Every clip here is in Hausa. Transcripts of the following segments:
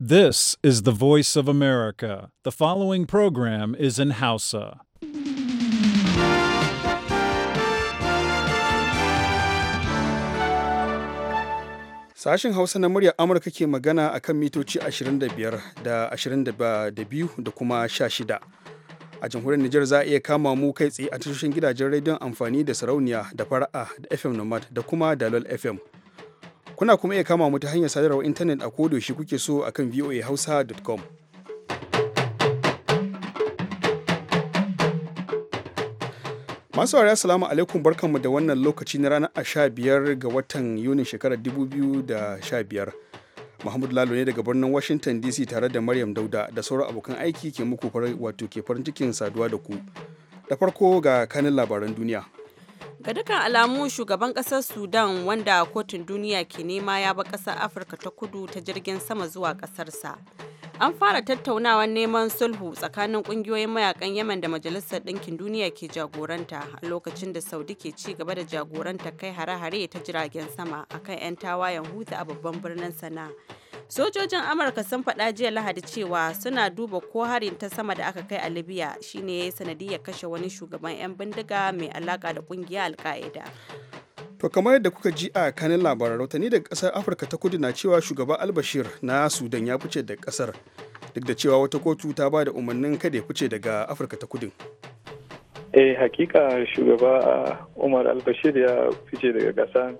This is the voice of America. The following program is in Hausa. Sashen Hausa na muryar Amurka ke magana a kan mitoci 25 da 22 da kuma 16. A jamhuriyar Nijar za a iya kama mu kai tsaye a tashoshin gidajen rediyon amfani da sarauniya da fara'a da FM Nomad da kuma Dalol FM. Kuna kuma iya kama mu ta hanyar sadarwar intanet a shi kuke so akan kan voahausa.com. Masu wari assalamu alaikum barkanmu da wannan lokaci na ranar 15 ga watan Yunin shekarar 2015. Muhammadu Lalo ne daga birnin Washington DC tare da Maryam Dauda da sauran abokan aiki ke muku wato ke farin cikin saduwa da ku. Da farko ga kanin labaran duniya. Ga dukkan alamu shugaban kasar Sudan wanda kotun duniya ke nema ya ba kasar Afirka ta kudu ta jirgin sama zuwa kasarsa. An fara tattaunawar neman sulhu tsakanin kungiyoyin mayakan Yemen da Majalisar Ɗinkin Duniya ke jagoranta a lokacin da Saudi ke ci gaba da jagoranta kai hare-hare ta jiragen sama akan 'yan tawayen hutu a babban birnin Sana'a. Sojojin Amurka sun faɗa jiya Lahadi cewa suna duba ko harin ta sama da aka kai a Libya shine ya yi sanadiyar kashe wani shugaban 'yan bindiga mai alaka da kungiyar al To kamar yadda kuka ji a kanin labaran rautani daga kasar Afirka ta kudu na cewa shugaba Albashir na Sudan ya fice da kasar duk da cewa wata kotu ta ba da umarnin kada ya fice daga Afirka ta kudin. Eh hakika shugaba ah, Umar Albashir ya fice daga kasar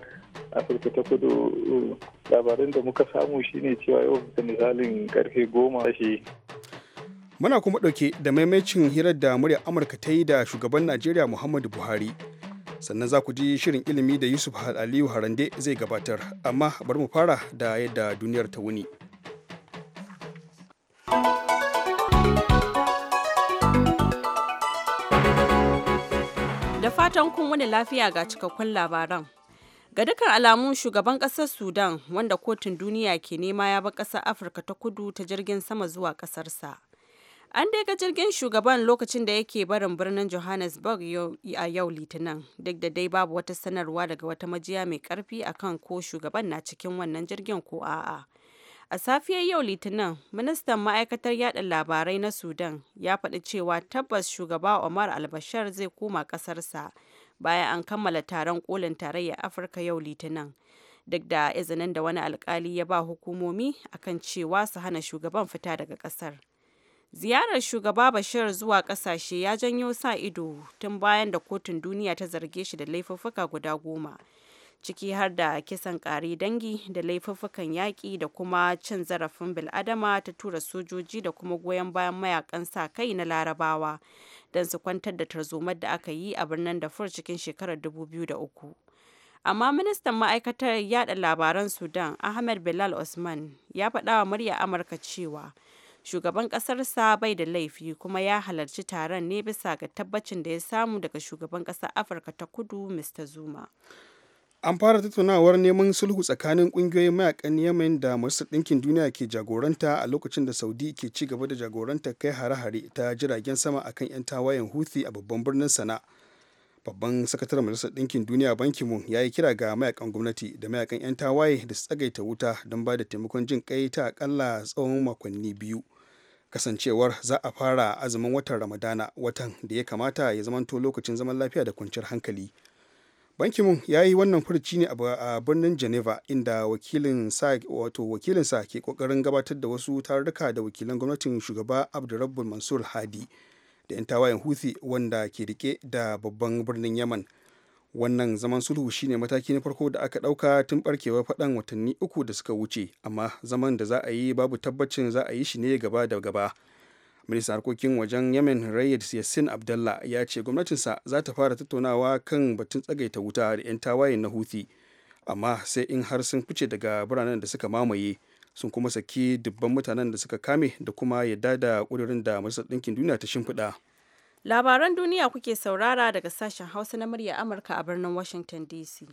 afirka ta kudu labarin da muka samu shine cewa yau da misalin karfe goma shi muna kuma ɗauke da maimacin hirar da murya amurka ta yi da shugaban najeriya muhammadu buhari sannan za ku ji shirin ilimi da yusuf aliyu harande zai gabatar amma bari mu fara da yadda duniyar ta wuni da fatan kun wani lafiya ga cikakkun labaran Ga dukkan alamun shugaban kasar Sudan wanda kotun duniya ke nema ya bar kasar Afirka ta kudu ta jirgin sama zuwa kasarsa. An dai ga jirgin shugaban lokacin da yake barin birnin Johannesburg a yau Litinin, duk da dai babu wata sanarwa daga wata majiya mai karfi akan ko shugaban na cikin wannan jirgin ko a'a. A safiyar yau Litinin, ministan ma'aikatar yada labarai na Sudan ya faɗi cewa tabbas shugaba Omar al zai koma ƙasarsa bayan an kammala taron kolin tarayyar Afirka yau Litinin. Duk da izinin da wani alkali ya ba hukumomi akan cewa su hana shugaban fita daga kasar. Ziyarar shugaba Bashir zuwa kasashe ya janyo sa ido tun bayan da kotun duniya ta zarge shi da laifuffuka guda goma. ciki har da kisan kari dangi da laifuffukan yaƙi da kuma cin zarafin bil'adama ta tura sojoji da kuma goyon bayan mayakan sa kai na larabawa don su kwantar da tarzomar da aka yi a birnin da dafur cikin shekarar 2003 amma ministan ma'aikatar yada labaran sudan ahmed bilal osman ya faɗa wa murya amurka cewa shugaban ƙasar sa bai da laifi kuma ya halarci taron ne bisa ga tabbacin da ya samu daga shugaban ƙasar afirka ta kudu mr zuma An fara tattaunawar neman sulhu tsakanin ƙungiyoyin mayakan Yemen da masu Ɗinkin Duniya ke jagoranta a lokacin da Saudi ke ci gaba da jagorantar kai hare-hare ta jiragen sama akan 'yan tawayen Houthi a babban birnin sana Babban sakataren Majalisar Ɗinkin Duniya bankin mu ya yi kira ga mayakan gwamnati da mayakan 'yan tawaye da su tsagaita wuta don ba da taimakon jin kai ta akalla tsawon makonni biyu. Kasancewar za a fara azumin watan Ramadana watan da ya kamata ya zamanto lokacin zaman lafiya da kwanciyar hankali. bankin mu ya yi wannan furuci ne a birnin Geneva inda wakilin sa ke kokarin gabatar da wasu tarurruka da wakilan gwamnatin shugaba Abdurrabbul Mansur Hadi da 'yan tawayen Houthi wanda ke rike da babban birnin Yaman. Wannan zaman sulhu shine mataki na farko da aka dauka tun barkewar faɗan watanni uku da suka wuce, amma zaman da za a yi babu tabbacin za a yi shi ne gaba da gaba. ministan harkokin wajen yemen rayyad yassin abdallah ya ce gwamnatinsa za ta fara tattaunawa kan batun tsagaita wuta da 'yan tawayen na huthi amma sai in har sun fice daga biranen da suka mamaye sun kuma saki dubban mutanen da suka kame da kuma yadda da ƙudurin da masu ɗinkin duniya ta shimfiɗa labaran duniya kuke saurara daga sashen hausa na murya amurka a birnin washington dc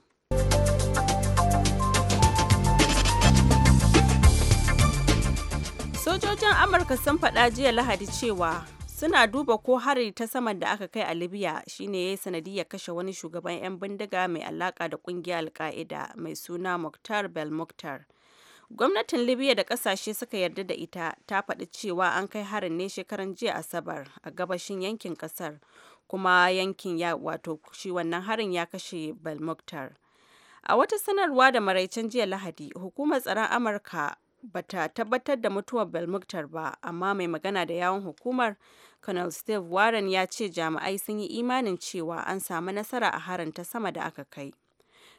Sojojin Amurka sun faɗa jiya Lahadi cewa suna duba ko hari ta saman da aka kai a Libya shine ya yi sanadiyar kashe wani shugaban 'yan bindiga mai alaka da kungiyar alka'ida mai suna Muktar Belmuktar. Gwamnatin Libya da kasashe suka yarda da ita ta faɗi cewa an kai harin ne shekaran jiya Asabar a gabashin yankin kasar kuma yankin ya wato shi wannan harin ya kashe Belmuktar. A wata sanarwa da maraicen jiya Lahadi, hukumar tsaron Amurka bata tabbatar da mutuwar belmuktar ba, amma mai magana da yawon hukumar, Colonel Steve Warren ya ce jami'ai sun yi imanin cewa an samu nasara a harin ta sama da aka kai.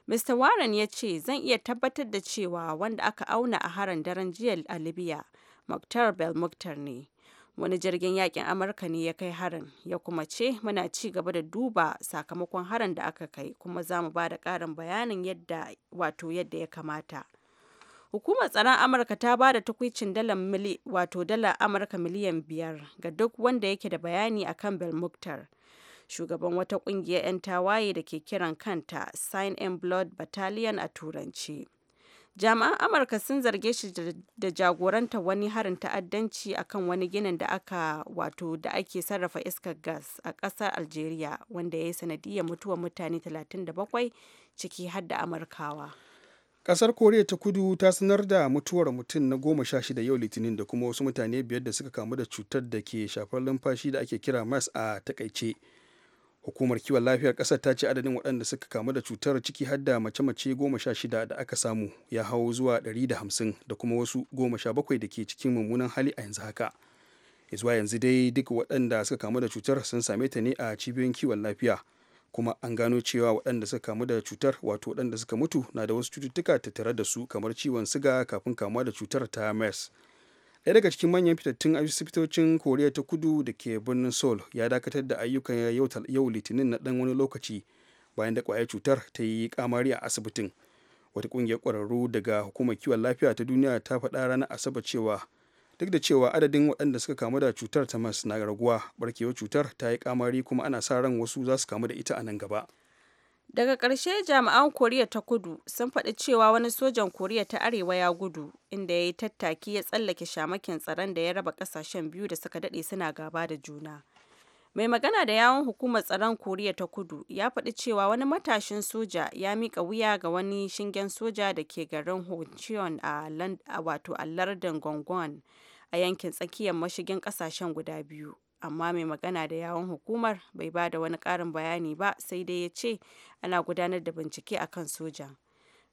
Mr. Warren ya ce zan iya tabbatar da cewa wanda aka auna a harin daren jiya a Libya, Muktar belmuktar ne. Wani jirgin yakin Amurka ne ya kai harin, ya kuma ce muna ci gaba da duba sakamakon harin da aka kai kuma za mu ba da ƙarin bayanin yadda wato yadda ya kamata. Hukumar tsaron Amurka ta ba da takwicin wato dala Amurka miliyan biyar ga duk wanda yake da bayani akan Belmuktar. Shugaban wata kungiyar 'yan tawaye da ke kiran kanta Sign in Blood Battalion a Turanci. Jami'an Amurka sun zarge shi da jagoranta wani harin ta'addanci akan wani ginin da aka wato da ake sarrafa iskar gas a ƙasar Algeria wanda ya yi sanadiyar mutuwar mutane 37 ciki har da Amurkawa. kasar koriya ta kudu ta sanar da mutuwar mutum na goma sha shida yau litinin da kuma wasu mutane biyar da suka kamu da cutar da ke shafar lumfashi da ake kira mas a takaice hukumar kiwon lafiyar kasar ta ce adadin waɗanda suka kamu da cutar ciki har da mace-mace goma sha shida da aka samu ya hau zuwa ɗari da hamsin da kuma wasu goma sha bakwai da ke cikin mummunan hali a yanzu haka zuwa yanzu dai duk waɗanda suka kamu da cutar sun same ta ne a cibiyoyin kiwon lafiya kuma an gano cewa waɗanda suka kamu da cutar wato waɗanda suka mutu na da wasu cututtuka tare da su kamar ciwon siga kafin kamuwa da cutar ta mers ɗaya daga cikin manyan fitattun asibitocin koriya ta kudu da ke birnin sol ya dakatar da ayyukan yau litinin na ɗan wani lokaci bayan da kwayar cutar ta yi kamari a asibitin wata ƙungiyar ƙwararru daga hukumar kiwon lafiya ta duniya ta faɗa ranar asabar cewa duk da cewa adadin waɗanda suka kamu da cutar ta mas na raguwa barkewar cutar ta yi kamari kuma ana sa ran wasu za su kamu da ita a nan gaba daga ƙarshe jami'an koriya ta kudu sun faɗi cewa wani sojan koriya ta arewa ya gudu inda ya yi tattaki ya tsallake shamakin tsaron da ya raba ƙasashen biyu da suka daɗe suna gaba da juna Mai magana da yawun hukumar tsaron Koriya ta Kudu ya faɗi cewa wani matashin soja ya mika wuya ga wani shingen soja da ke garin Huncheon a wato a lardin gongon a yankin tsakiyar mashigin ƙasashen guda biyu. Amma mai magana da yawun hukumar bai ba da wani ƙarin bayani ba sai dai ya ce ana gudanar da bincike akan sojan.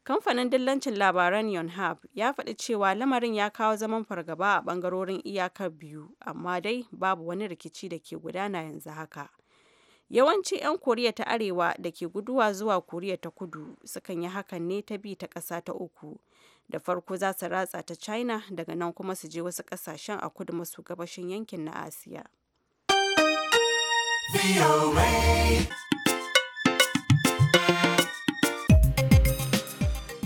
Kamfanin dillancin labaran Yonhap ya faɗi cewa lamarin ya kawo zaman fargaba a ɓangarorin iyakar biyu, amma dai babu wani rikici da ke gudana yanzu haka. Yawanci 'yan Koriya ta Arewa da ke guduwa zuwa Koriya ta Kudu sukan yi hakan ne ta bi ta ƙasa ta uku. Da farko za su ratsa ta China daga nan kuma su je wasu ƙasashen a kudu masu gabashin yankin na Asiya.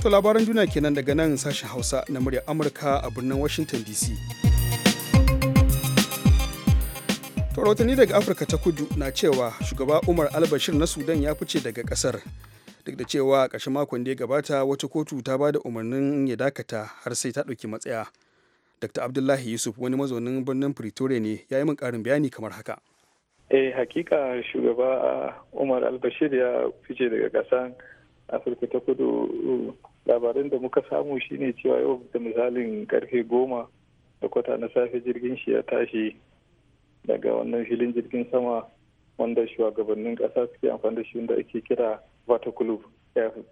To labaran duniya kenan daga nan sashen Hausa na muryar Amurka a birnin Washington DC. rahotanni daga Afirka ta kudu na cewa shugaba Umar Albashir na Sudan ya fice daga kasar. Duk da cewa ƙarshen makon da ya gabata wata kotu ta ba da umarnin ya dakata har sai ta ɗauki matsaya. Dr. Abdullahi Yusuf wani mazaunin birnin Pretoria ne ya yi min ƙarin bayani kamar haka. Eh hakika shugaba ah, Umar Albashir ya fice daga ƙasar afirka ta kudu labarin da muka samu shine cewa yau da misalin karfe goma da kwata na safe jirgin shi ya tashi daga wannan filin jirgin sama wanda shugabannin kasa suke amfani da shi wanda ake kira vata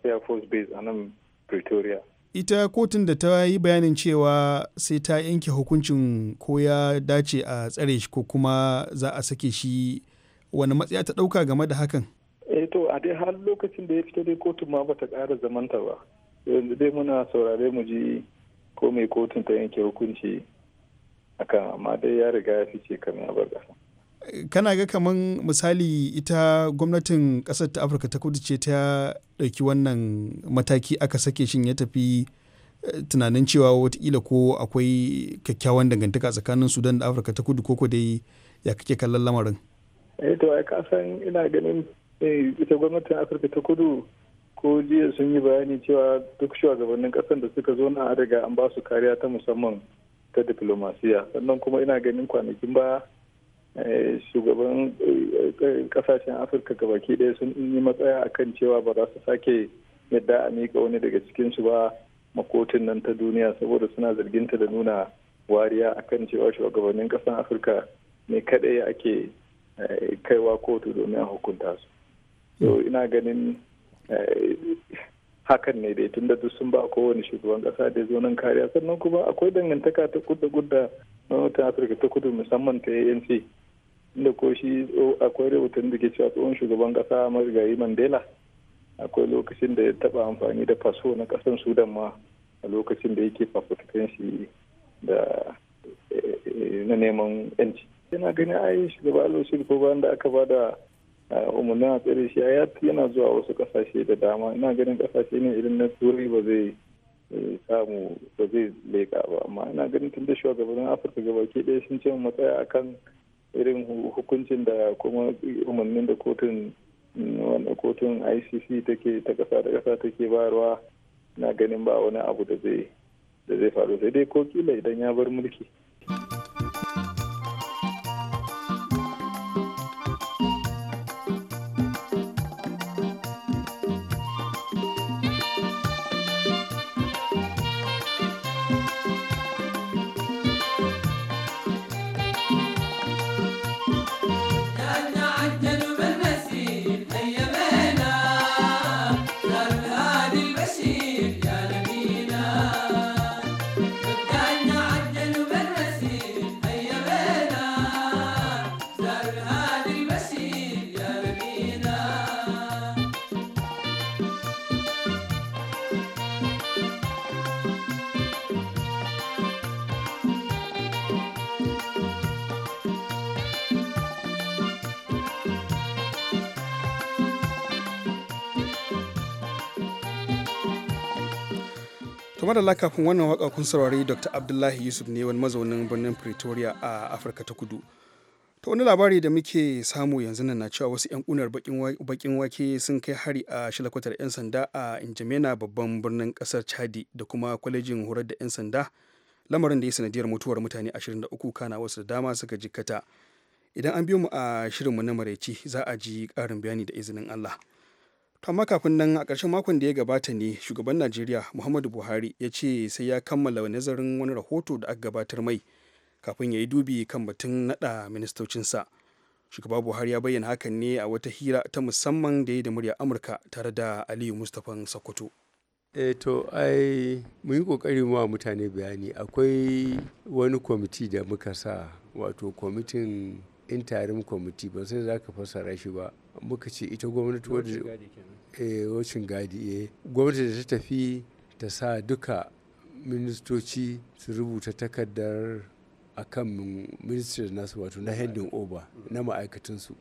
air force base a nan pretoria ita kotun da ta yi bayanin cewa sai ta yanke hukuncin ko ya dace a tsare shi ko kuma za a sake shi wani matsaya ta dauka game da hakan eh to a dai har lokacin da ya fito dai kotun ma bata kara zamanta ba yanzu dai muna saurare mu ji ko mai kotun ta yanke hukunci akan amma dai ya riga ya fice kan ya bar kana ga kaman misali ita gwamnatin ƙasar ta afirka ta kudu ce ta ɗauki wannan mataki aka sake shin ya tafi eh, tunanin cewa wata watakila ko akwai kyakkyawan dangantaka tsakanin sudan da afirka ta kudu koko dai ya kake kallon lamarin eh to ai ka san ina ganin Eh, ita gwamnatin afirka ta kudu ko jiya sun yi bayani cewa duk shugabannin kasan da suka zo na riga an ba su kariya ta musamman ta diplomasiya sannan kuma ina ganin kwanakin ba eh, shugaban kasashen eh, afirka gabaki daya sun yi matsaya akan cewa ba za su sake yadda a mika wani daga cikinsu ba makotin nan ta duniya saboda suna zarginta da nuna wariya akan cewa shugabannin kasan afirka ne kaɗai ake kaiwa kotu domin a hukunta su so ina ganin eh, hakan ne dai tunda duk sun ba kowane shugaban kasa da zo nan kariya sannan kuma akwai dangantaka ta kudda kudda na watan afirka ta kudu musamman ta anc inda ko shi akwai rahoton da ke cewa tsohon shugaban kasa marigayi mandela akwai lokacin da ya taba amfani da faso na kasan sudan ma a lokacin da yake fafutukan shi da eh, eh, na neman yanci yana gani ai shugaba alo ko bayan da aka bada umarnin a tsere shi ya yana zuwa wasu kasashe da dama ina ganin kasashe ne irin na turai ba zai eh, samu ba zai leka ba amma ina ganin tun da shugabannin afirka gabaki ɗaya sun ce matsaya akan irin hukuncin da kuma umarnin da kotun mm, wanda kotun icc take ta kasa da ƙasa take bayarwa na ganin ba wani abu da zai da zai faru sai dai ko kila idan ya bar mulki madalla kafin wannan waka kun saurari dr abdullahi yusuf ne wani mazaunin birnin pretoria a afirka ta kudu ta wani labari da muke samu yanzu nan na cewa wasu 'yan kunar bakin wake sun kai hari a shilakwatar 'yan sanda a injimena babban birnin kasar chadi da kuma kwalejin horar da 'yan sanda lamarin da ya sanadiyar mutuwar mutane 23 kana wasu da dama suka jikkata idan an biyo mu a shirinmu na maraici za a ji karin bayani da izinin allah To amma kafin nan a ƙarshen makon da ya gabata ne shugaban Najeriya Muhammadu Buhari ya ce sai ya kammala nazarin wani rahoto da aka gabatar mai kafin ya yi dubi kan batun naɗa ministocinsa. Shugaba Buhari ya bayyana hakan ne a wata hira ta musamman da ya da murya Amurka tare da Aliyu Mustapha Sokoto. eh to ai muyi yi kokari wa mutane bayani akwai wani kwamiti da muka sa wato kwamitin interim kwamiti ba sai za ka fassara shi ba muka ce ita gwamnati wadda wacin eh, gadi eh, gwamnati da ta tafi ta sa duka ministoci su rubuta takardar akan ministry nasu wato na handing over na ma'aikatansu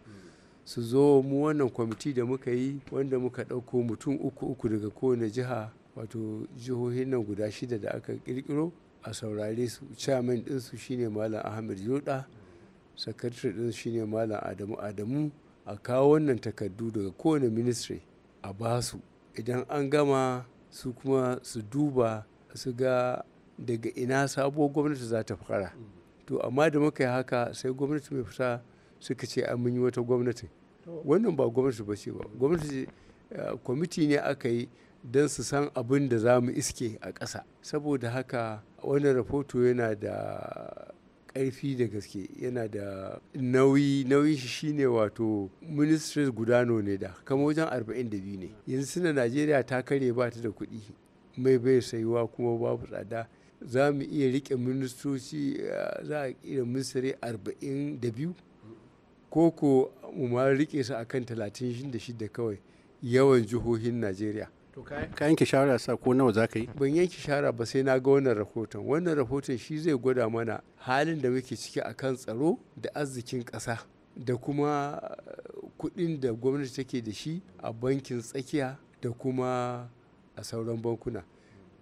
su zo mu wannan kwamiti da muka yi wanda muka ɗauko mutum uku uku daga kowane jiha wato jihohin nan guda shida da aka kirkiro a saurare su chairman ɗinsu shine malam ahmed yoda sakatare ɗinsu shine malam adamu adamu a kawo wannan takardu daga kowane ministry a basu idan an gama su kuma su duba su ga daga ina sabuwar gwamnati za ta fara to amma da muka yi haka sai gwamnati mai fita suka ce an yi wata gwamnati wannan ba gwamnati ba ce ba gwamnati eh, kwamiti ne aka yi don su san abin da za mu iske a ƙasa saboda haka wannan rahoto yana da karfi da gaske yana da nauyi nauyi shi shine wato ministries gudano ne da kama wajen 42 ne yanzu suna najeriya ta kare ba ta da kuɗi mai bai sayuwa kuma babu tsada za mu iya rike ministoci eh, za a iya ministry 42 ko ko mu ma rike su akan 36 kawai yawan jihohin najeriya ka yanke shawara sa ko nawa za ka yi ban yanke shawara ba sai na ga wannan rahoton wannan rahoton shi zai gwada mana halin da muke ciki a kan tsaro da arzikin ƙasa da kuma eh, kuɗin da gwamnati take da shi a bankin tsakiya da kuma a sauran bankuna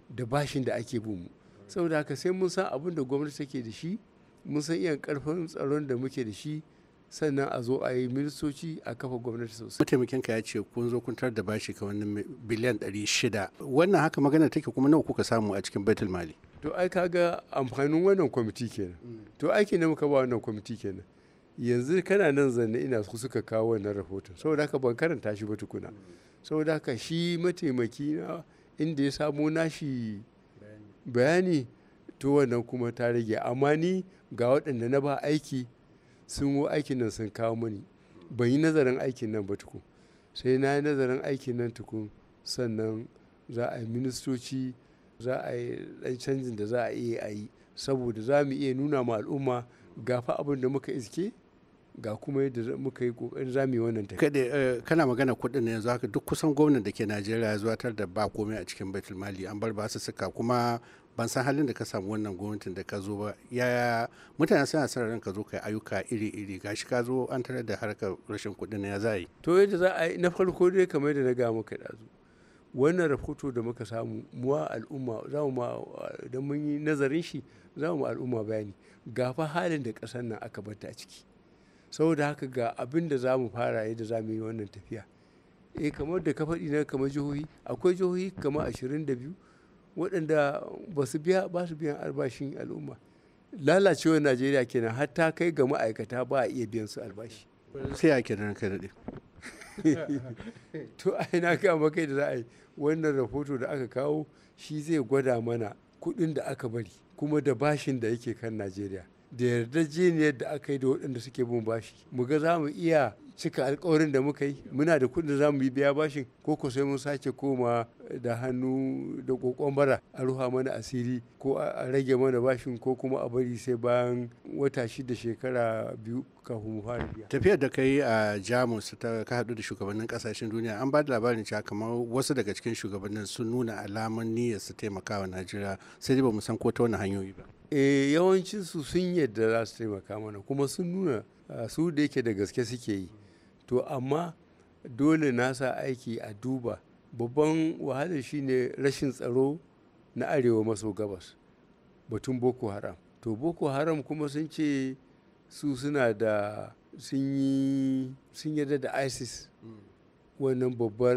da bashin da ake bin mu saboda haka sai mun san abin da gwamnati take da shi mun san iyan karfin tsaron da muke da shi sannan a zo a yi ministoci a kafa gwamnati sosai. Mataimakin ka ya ce kun zo kun da bashi ka wannan biliyan 600. Wannan haka magana take kuma nawa kuka samu a cikin Baitul Mali? To ai ga amfanin wannan kwamiti kenan. To aiki ne muka ba wannan kwamiti kenan. Yanzu kana nan zanne ina su suka kawo wannan rahoton. Saboda haka ban karanta shi ba tukuna. Saboda haka shi mataimaki na inda ya samu nashi bayani to wannan kuma ta rage amma ni ga waɗanda na ba aiki sun wo aikin nan sun kawo mani ban yi nazarin aikin nan ba tukun sai na yi nazarin aikin nan tukun sannan za a yi ministoci za a yi dan canjin da za a iya a yi saboda za mu iya nuna ma al'umma ga fa abin da muka iske ga kuma yadda muka yi kokarin yi wannan tafiya. Kada eh, kana magana kuɗin yanzu haka duk kusan gwamnan da ke Najeriya ya zuwatar da ba komai a cikin baitul an bar ba su suka kuma ban san halin da ka samu wannan gwamnatin da ka zo ba yaya mutane suna son ranka zo kai ayyuka iri-iri gashi ka zo an tarar da harkar rashin kuɗin na ya za yi to yadda za a yi na farko dai kamar yadda na ga maka ɗazu wannan rahoto da muka samu muwa al'umma za mu ma idan mun yi nazarin shi za mu al'umma bayani ga fa halin da ƙasar nan aka bata a ciki saboda haka ga abin da za mu fara yadda za mu yi wannan tafiya eh kamar da ka faɗi na kamar jihohi akwai jihohi kamar ashirin da biyu waɗanda ba su biya ba su biyan albashin al'umma lalacewar najeriya kenan har ta kai ga ma'aikata ba a iya biyan su albashi sai a kenan ka daɗe to ai na ga makai da za wannan rahoto da aka kawo shi zai gwada mana kuɗin da aka bari kuma da bashin da yake kan najeriya da yardajeniyar da aka yi da waɗanda suke bin bashi mu ga za mu iya cika alkawarin da muka yi muna da kuɗi da za mu yi biya bashin ko ko sai mun sake koma da hannu da kokon bara a ruha mana asiri ko a rage mana bashin ko kuma a bari sai bayan wata shida shekara biyu kafin mu fara biya. Tafiyar da kai a Jamus ta ka haɗu da shugabannin kasashen duniya an ba da labarin cewa kamar wasu daga cikin shugabannin sun nuna alaman niyyar su taimakawa Najeriya sai dai ba mu san ko ta wani hanyoyi ba. Eh yawancinsu sun yadda za su taimaka mana kuma sun nuna su da yake da gaske suke yi. to amma dole nasa aiki a duba babban wahalar shine rashin tsaro na arewa maso gabas batun boko haram to boko haram kuma sun ce su suna da sun yarda da isis wannan babbar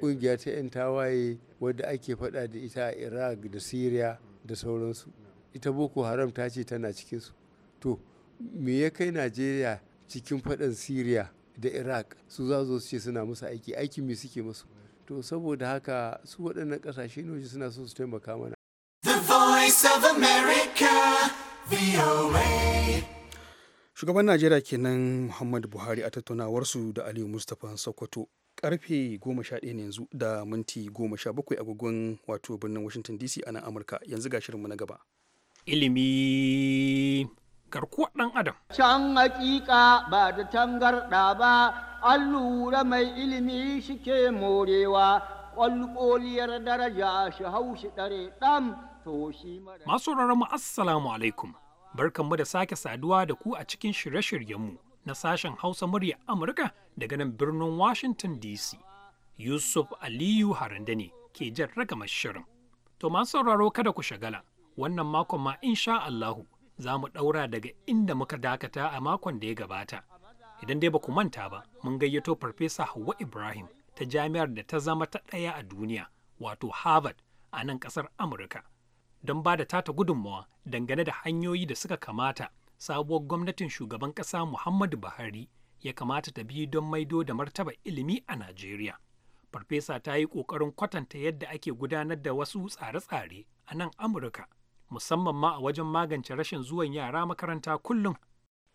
kungiya ta 'yan tawaye wadda ake fada da ita a iraq da syria da sauransu ita boko haram ta ce tana cikinsu to me ya kai najeriya cikin faɗan syria da iraq su za su ce suna musu aiki aiki me suke musu to saboda haka su waɗannan ƙasashe ne suna so su taimaka mana Shugaban Najeriya kenan Muhammadu Buhari a tattaunawarsu da Aliyu Mustapha Sokoto karfe 11 ne yanzu da minti 17 agogon wato birnin Washington DC a nan Amurka yanzu ga shirinmu na gaba. Ilimi garkuwar ɗan adam. Can hakika ba da tangarɗa ba, an lura mai ilimi shi ke morewa, ƙwalƙoliyar daraja shi haushi ɗare ɗan to shi mara. Masu mu assalamu alaikum, barkanmu da sake saduwa da ku a cikin shirye-shiryenmu na sashen Hausa murya Amurka daga nan birnin Washington DC. Yusuf Aliyu Harande ne ke jan ragamar shirin. To masu sauraro kada ku shagala, wannan makon ma insha Allahu za mu ɗaura daga inda muka dakata a makon da ya gabata. Idan dai ba ku manta ba, mun gayyato Farfesa Hauwa Ibrahim ta jami'ar da ta zama ta ɗaya a duniya, wato Harvard a nan ƙasar Amurka, don ba da tata gudunmawa dangane da hanyoyi da suka kamata sabuwar gwamnatin shugaban ƙasa Muhammadu Buhari ya kamata ta bi don maido da martaba ilimi a Najeriya. Farfesa ta yi ƙoƙarin kwatanta yadda ake gudanar da wasu tsare-tsare a nan Amurka musamman ma a wajen magance rashin zuwan yara makaranta kullum.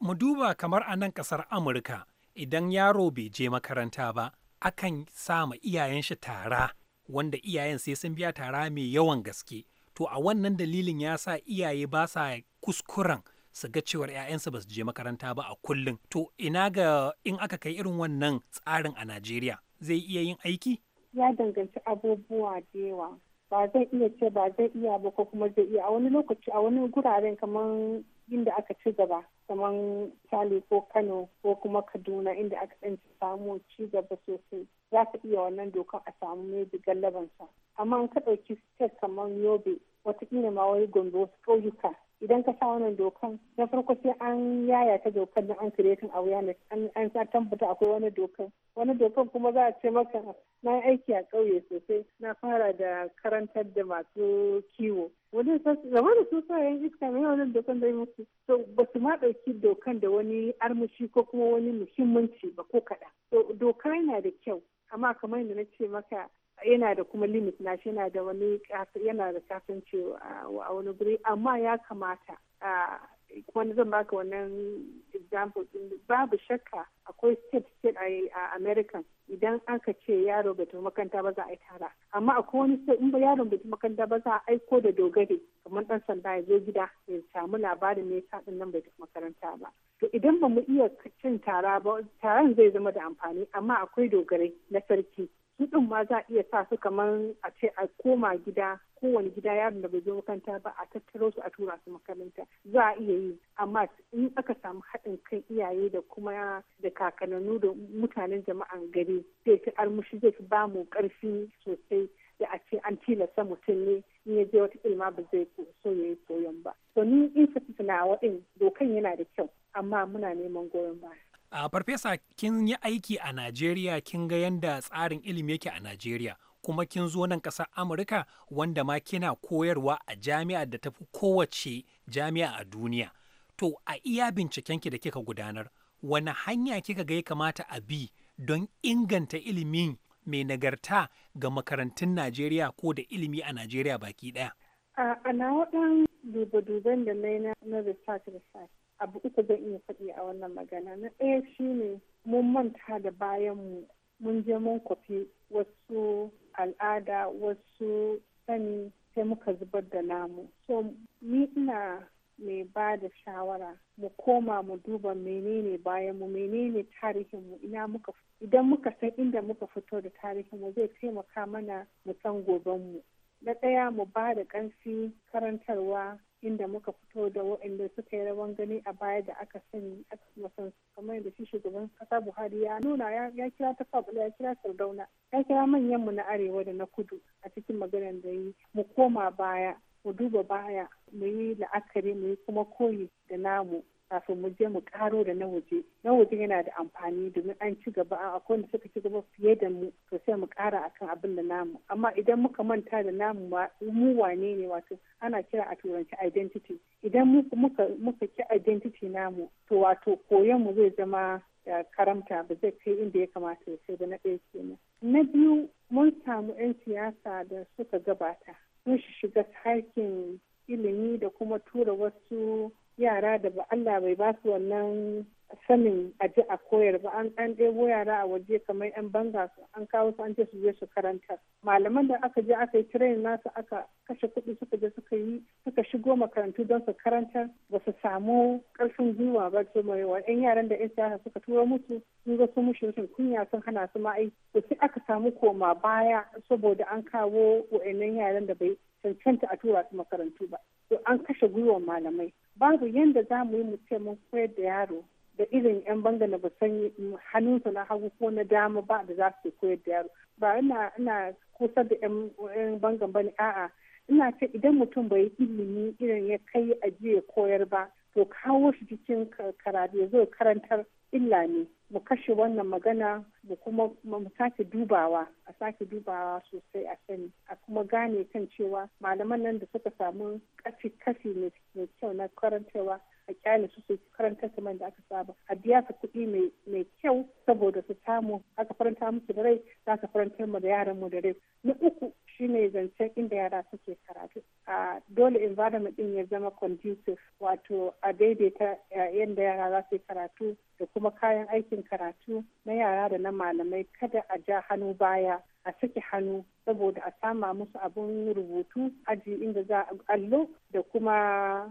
Mu duba kamar a nan ƙasar Amurka idan yaro bai je makaranta ba, akan sama iyayen shi tara wanda iyayen sai sun biya tara mai yawan gaske. To a wannan dalilin ya sa iyaye ba sa kuskuren su ga cewar 'ya'yansu ba su je makaranta ba a kullum. To ina ga in aka kai irin wannan tsarin a Najeriya zai iya yin aiki? Ya danganci abubuwa da yawa. ba zan iya ce ba zai iya ba ko kuma zai iya a wani lokaci a wani guraren kamar inda aka ci gaba kamar misali ko kano ko kuma kaduna inda aka ɗan samu ci gaba sosai za ka iya wannan dokan a samu maybe gallabansa amma an ka ɗauki state kamar yobe watakila ma wai gombe wasu ƙauyuka idan ka sa wannan dokan na farko sai an yaya ta dokan na an a awareness an sa tabbata akwai wani dokan wani dokan kuma za a ce maka na aiki a ƙauye sosai na fara da karantar da masu kiwo wani zama da su yan iska mai wannan dokan zai musu so ba su ma ɗauki dokan da wani armashi ko kuma wani muhimmanci ba ko kaɗa doka yana da kyau amma kamar yadda na ce maka yana da kuma limit na shi yana da wani yana da kasancewa a wani guri amma ya kamata wani zan baka wannan example babu shakka akwai state state a american idan aka ce yaro bai tafi makaranta ba za a yi tara amma akwai wani state in ba yaron bai tafi makaranta ba za a aiko da dogare kamar dan sanda ya zo gida ya samu labarin ne ya din nan bai tafi makaranta ba to idan ba mu iya cin tara ba taron zai zama da amfani amma akwai dogare na sarki kudin ma za iya sa su kamar a ce a koma gida kowane gida yaron da bai zo makaranta ba a tattaro su a tura su makaranta za a iya yi amma in aka samu haɗin kan iyaye da kuma da kakananu da mutanen jama'an gari zai fi armushi zai fi bamu ƙarfi sosai da a ce an tilasta mutum ne in ya je wata ilma ba zai so ya yi koyon ba. To ni in na waɗin dokan yana da kyau amma muna neman goyon baya. A farfesa kin yi aiki a najeriya kin ga yadda tsarin ilimi yake a najeriya kuma kin zo nan ƙasar amurka wanda ma kina koyarwa a jami'a da tafi kowace jami'a a duniya to a iya binciken ki da kika gudanar wani hanya kika ga ya kamata a bi don inganta ilimin mai nagarta ga makarantun najeriya ko da ilimi a najeriya baki ɗaya a na waɗannan duba-duban da na research research abu uku zan iya faɗi a wannan magana na ɗaya shine mun manta da bayanmu mun je mun kwafi wasu al'ada wasu sani sai muka zubar da namu so ni ina mai ba da shawara mu koma mu duba menene bayanmu menene tarihinmu ina muka idan muka san inda muka fito da tarihinmu zai taimaka mana mu san gobenmu na ɗaya mu ba da ƙarfi karantarwa inda muka fito da waɗanda suka yi rawan gani a baya da aka sani aka kuma san kamar yadda shi shugaban kasa buhari ya nuna ya kira ta ya kira sardauna ya kira manyan mu na arewa da na kudu a cikin maganar da yi mu koma baya mu duba baya mu yi la'akari mu yi kuma koyi da namu kafin mu je mu karo da na waje na waje yana da amfani domin an ci gaba a akwai da suka ci gaba fiye da mu to mu kara akan abin da namu amma idan muka manta da namu mu wane ne wato ana kira a turanci identity idan muka ki identity namu to wato koyon mu zai zama karamta ba zai kai inda ya kamata ya kai ba na ɗaya kenan na biyu mun samu 'yan siyasa da suka gabata sun shiga harkin ilimi da kuma tura wasu yara da ba Allah bai ba su wannan sanin aji a koyar ba an an ɗebo yara a waje kamar yan banga su an kawo su an ce su je su karanta malaman da aka je aka yi train nasu aka kashe kuɗi suka je suka yi suka shigo makarantu don su karanta ba su samu ƙarfin gwiwa ba su mai wa yan yaran da yan siyasa suka tura musu sun ga sun mushi rashin kunya sun hana su ma'aiki ba sai aka samu koma baya saboda an kawo wa'annan yaran da bai cancanta a tura su makarantu ba to an kashe gwiwar malamai babu yadda za mu yi mu ce mun koyar da yaro da irin yan banga na basan hannunsa na hagu ko na dama ba da za su koyar da yaro ba ina ina kusa da yan bangan ne a'a ina ce idan mutum bai yi ilimi irin ya kai ajiye koyar ba to kawo shi cikin karatu ya zo karantar illa ne mu kashe wannan magana mu kuma mu sake dubawa a sake dubawa sosai a sani a kuma gane kan cewa malaman nan da suka samu kafi kafi mai kyau na karantarwa a kyale su su karanta kamar da aka saba a biya su kuɗi mai kyau saboda su samu aka faranta musu da rai za ka faranta mu da yaran mu da rai na uku shine zancen inda yara suke karatu a dole environment din ya zama conducive wato a daidaita eh, yadda yara za su yi karatu da kuma kayan aikin karatu na yara da na malamai kada a ja hannu baya a saki hannu saboda a sama musu abun rubutu aji inda za a allo da kuma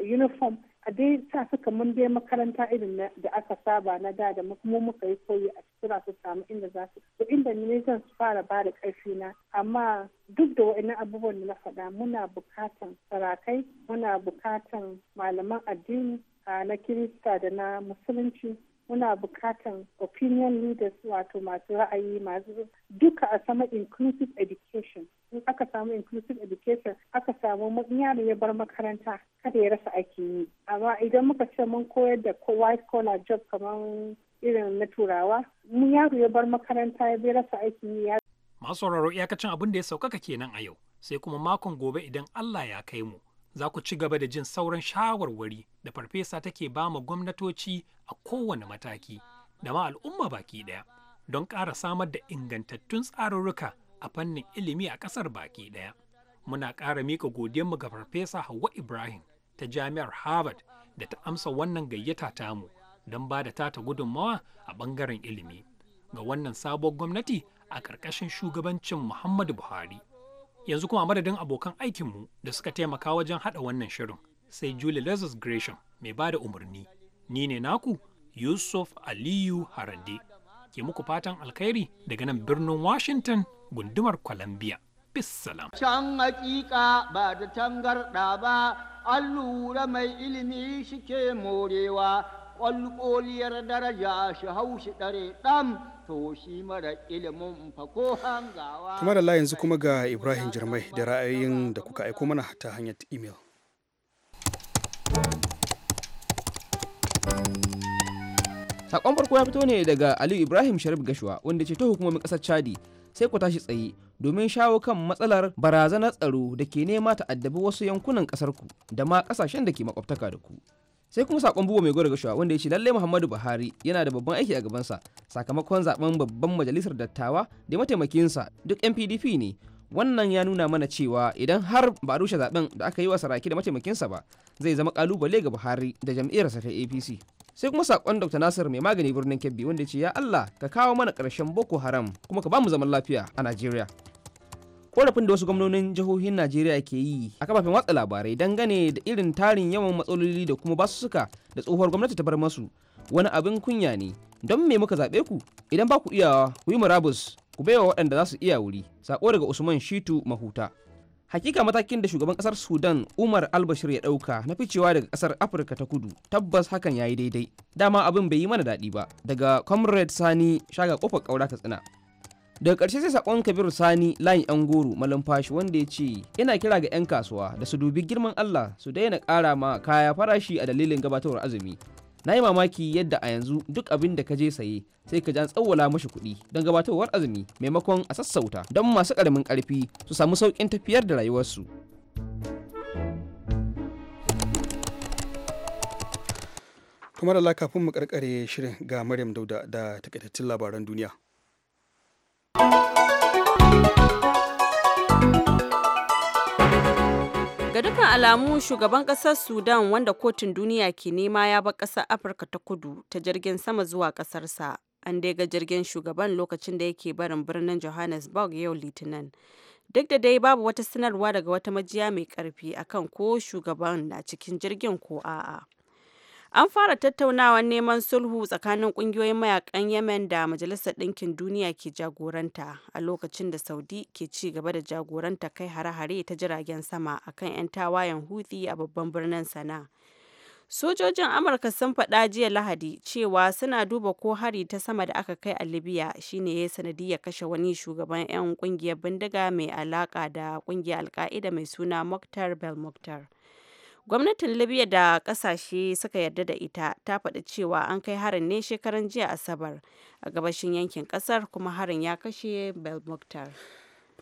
uniform a dai sa suka mun dai makaranta irin da aka saba na da da mu muka yi koyi a sura su samu inda za su to inda ne zan su fara ba da ƙarfi na amma duk da wa'annan abubuwan da na faɗa muna bukatan sarakai muna bukatan malaman addini na kirista da na musulunci muna bukatan opinion leaders wato masu ra'ayi masu duka a sama inclusive education in aka samu inclusive education aka samu yaro ya bar makaranta kada ya rasa ake yi amma idan muka ce mun koyar da white collar job kamar irin na turawa mun yaro ya bar makaranta ya rasa aiki yi masu sauraro iyakacin abin da ya saukaka kenan a yau sai kuma makon gobe idan Allah ya kai mu za ku ci gaba da jin sauran shawarwari da farfesa take ba ma gwamnatoci a kowane mataki da ma al'umma baki ɗaya don ƙara samar da ingantattun tsarurruka a fannin ilimi a ƙasar baki ɗaya. Muna ƙara miƙa godiyanmu ga farfesa Hauwa Ibrahim ta jami'ar Harvard da ta amsa wannan gayyata tamu don ba da tata gudunmawa a ɓangaren ilimi ga wannan sabuwar gwamnati a ƙarƙashin shugabancin Muhammadu Buhari. Yanzu kuma madadin abokan aikinmu da suka taimaka wajen haɗa wannan shirin sai Julie Lazarus Gresham mai ba da umarni. Ni ne naku Yusuf Aliyu Harande. Ke muku fatan alkhairi daga nan birnin Washington gundumar Columbia. bisalam Can hakika ba da tangarɗa ba, allura mai ilimi shike morewa, ƙwalƙoliyar daraja shi hau shi ɗare ɗam. kuma da yanzu kuma ga ibrahim jirmai da ra'ayoyin da kuka aiko mana ta hanyar imel sakon farko ya fito ne daga aliyu ibrahim sharif gashuwa wanda ce ta hukumomin kasar chadi sai ku tashi tsaye domin shawo kan matsalar barazanar tsaro da ke nema ta addabi wasu yankunan kasar da ma kasashen da ke makwabtaka da ku sai kuma sakon buwa mai gwada gashuwa wanda ya ce lallai muhammadu buhari yana da babban aiki a gabansa sakamakon zaben babban majalisar dattawa da mataimakinsa duk yan pdp ne wannan ya nuna mana cewa idan har ba rushe zaben da aka yi wa saraki da mataimakinsa ba zai zama kalubale ga buhari da jam'iyyarsa ta apc sai kuma sakon dr nasir mai magani birnin kebbi wanda ya ce ya allah ka kawo mana karshen boko haram kuma ka ba mu zaman lafiya a nigeria. korafin da wasu gwamnonin jihohin najeriya ke yi a kafafen watsa labarai dangane da irin tarin yawan matsaloli da kuma basu suka da tsohuwar gwamnati ta bar masu wani abin kunya ne don me muka zaɓe ku idan ba ku iyawa ku yi murabus ku baiwa waɗanda za su iya wuri sako daga usman shitu mahuta hakika matakin da shugaban kasar sudan umar albashir ya ɗauka na ficewa daga kasar afirka ta kudu tabbas hakan ya yi daidai dama abin bai yi mana daɗi ba daga comrade sani shaga kofar ƙaura katsina daga ƙarshe sai sakon kabiru sani layin yan goro malumfashi wanda ya ce ina kira ga 'yan kasuwa da su dubi girman allah su daina ƙara ma kaya farashi a dalilin gabatarwar azumi na yi mamaki yadda a yanzu duk abin da ka je saye sai ka jan tsawwala mashi kuɗi don gabatarwar azumi maimakon a sassauta don masu ƙaramin ƙarfi su samu sauƙin tafiyar da rayuwarsu kuma da kafin mu karkare shirin ga maryam dauda da takaitattun labaran duniya Ga dukkan alamu shugaban kasar Sudan wanda kotun duniya ke nema ya bar kasar Afirka ta kudu ta jirgin sama zuwa kasarsa. An dai ga jirgin shugaban lokacin da yake barin birnin Johannesburg yau Litinin. Duk da dai babu wata sanarwa daga wata majiya mai karfi akan ko shugaban na cikin jirgin ko a'a. An fara tattaunawar neman sulhu tsakanin kungiyoyin mayakan Yemen da Majalisar Ɗinkin Duniya ke jagoranta a lokacin da Saudi ke ci gaba da jagoranta kai hare-hare ta jiragen sama a kan 'yan tawayen Houthi a babban birnin sana Sojojin Amurka sun faɗa jiya Lahadi cewa suna duba ko hari ta sama da aka kai a Libya shine ya sanadiyar kashe wani shugaban 'yan kungiyar bindiga mai alaka da kungiyar Alka'ida mai suna Moktar Belmokhtar. gwamnatin libya da kasashe suka yarda da ita ta faɗi cewa an kai harin ne shekaran jiya asabar a gabashin yankin kasar kuma harin ya kashe belmokhtar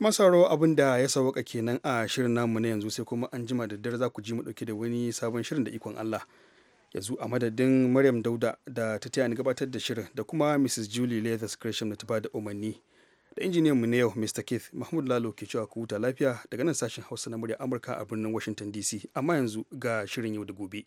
masaro abin da ya sauka kenan a shirin namu na yanzu sai kuma an jima da dare za ku ji mu dauke da wani sabon shirin da ikon allah yanzu a madadin maryam dauda da ta taya ni gabatar da shirin da kuma mrs julie leathers gresham da ta bada umarni da injiniyan mu na yau Mr. Keith Mahmud Lalo ke cewa ku huta lafiya daga nan sashen Hausa na murya Amurka a birnin Washington DC amma yanzu ga shirin yau da gobe.